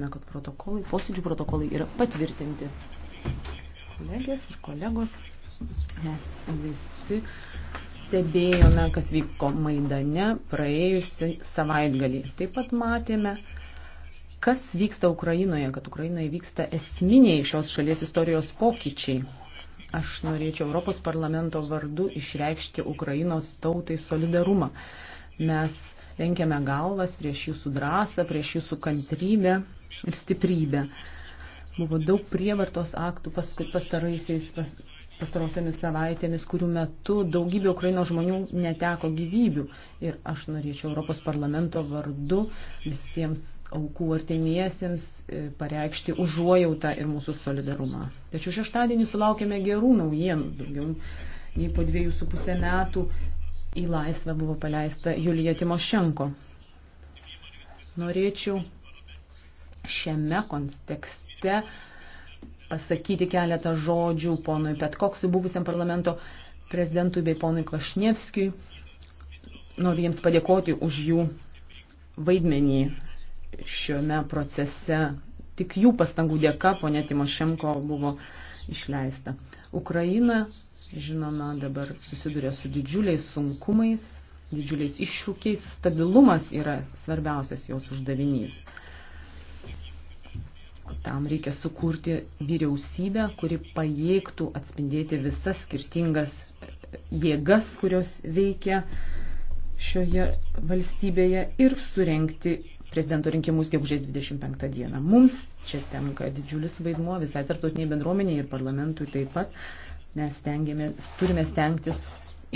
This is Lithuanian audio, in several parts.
Matysime, kad protokolai, posėdžių protokolai yra patvirtinti. Kolegės ir kolegos, mes visi stebėjome, kas vyko Maidane praėjusią savaitgalį. Taip pat matėme, kas vyksta Ukrainoje, kad Ukrainoje vyksta esminiai šios šalies istorijos pokyčiai. Aš norėčiau Europos parlamento vardu išreikšti Ukrainos tautai solidarumą. Mes lenkiame galvas prieš jūsų drąsą, prieš jūsų kantrybę, ir stiprybę. Buvo daug prievartos aktų pastaraisiais pas, pastarosiomis savaitėmis, kurių metu daugybė Ukraino žmonių neteko gyvybių. Ir aš norėčiau Europos parlamento vardu visiems aukų artimiesiems e, pareikšti užuojautą ir mūsų solidarumą. Tačiau šeštadienį sulaukėme gerų naujienų, daugiau nei po dviejų su pusę metų į laisvę buvo paleista Julija Timošenko. Norėčiau šiame kontekste pasakyti keletą žodžių ponui Petkoksui, buvusiam parlamento prezidentui bei ponui Klašnievskijui. Noriu jiems padėkoti už jų vaidmenį šiame procese. Tik jų pastangų dėka ponė Timošenko buvo išleista. Ukraina, žinoma, dabar susiduria su didžiuliais sunkumais, didžiuliais iššūkiais. Stabilumas yra svarbiausias jos uždavinys. Tam reikia sukurti vyriausybę, kuri pajėgtų atspindėti visas skirtingas jėgas, kurios veikia šioje valstybėje ir surenkti prezidento rinkimus gegužės 25 dieną. Mums čia tenka didžiulis vaidmuo visai tarptautiniai bendruomeniai ir parlamentui taip pat. Mes turime stengtis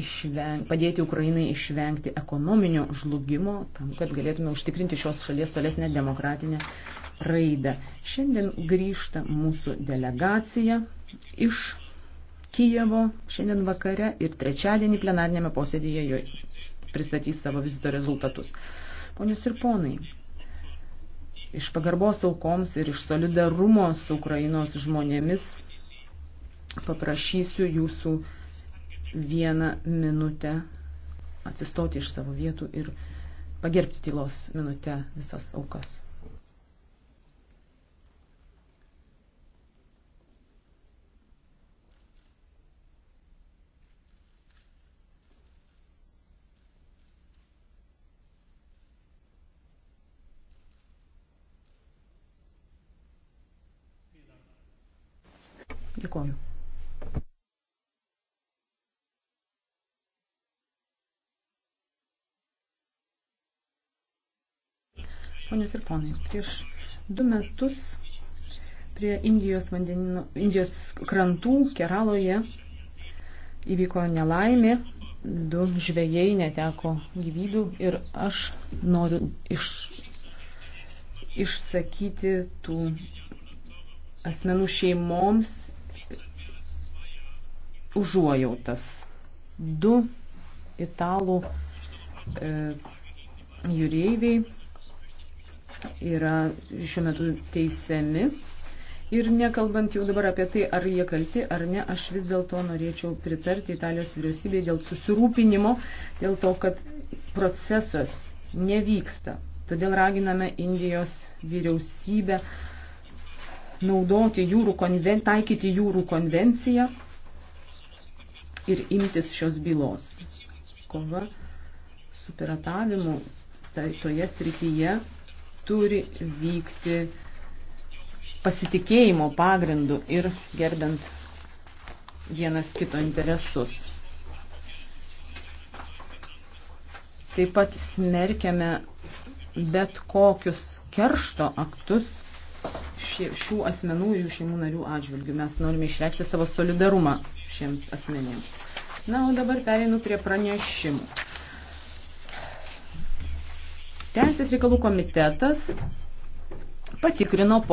išveng, padėti Ukrainai išvengti ekonominio žlugimo, tam, kad galėtume užtikrinti šios šalies tolesnę demokratinę raidą. Šiandien grįžta mūsų delegacija iš Kijevo šiandien vakare ir trečiadienį plenarnėme posėdėje jo pristatys savo vizito rezultatus. Ponios ir ponai, iš pagarbos aukoms ir iš solidarumo su Ukrainos žmonėmis paprašysiu jūsų vieną minutę atsistoti iš savo vietų ir pagerbti tylos minutę visas aukas. Dėkuoju. Ponios ir ponai, prieš du metus prie Indijos, vandenino, Indijos krantų Keraloje įvyko nelaimė, du žvėjai neteko gyvybių ir aš noriu iš, išsakyti tų asmenų šeimoms užuojautas. Du italų e, jūreiviai yra šiuo metu teisiami. Ir nekalbant jau dabar apie tai, ar jie kalti ar ne, aš vis dėlto norėčiau pritarti Italijos vyriausybei dėl susirūpinimo, dėl to, kad procesas nevyksta. Todėl raginame Indijos vyriausybę naudoti jūrų konven, taikyti jūrų konvenciją ir imtis šios bylos. Kova su piratavimu tai, toje srityje turi vykti pasitikėjimo pagrindu ir gerbent vienas kito interesus. Taip pat smerkiame bet kokius keršto aktus ši, šių asmenų ir jų šeimų narių atžvilgių. Mes norime išreikšti savo solidarumą šiems asmenėms. Na, o dabar pereinu prie pranešimų. Teisės reikalų komitetas patikrino po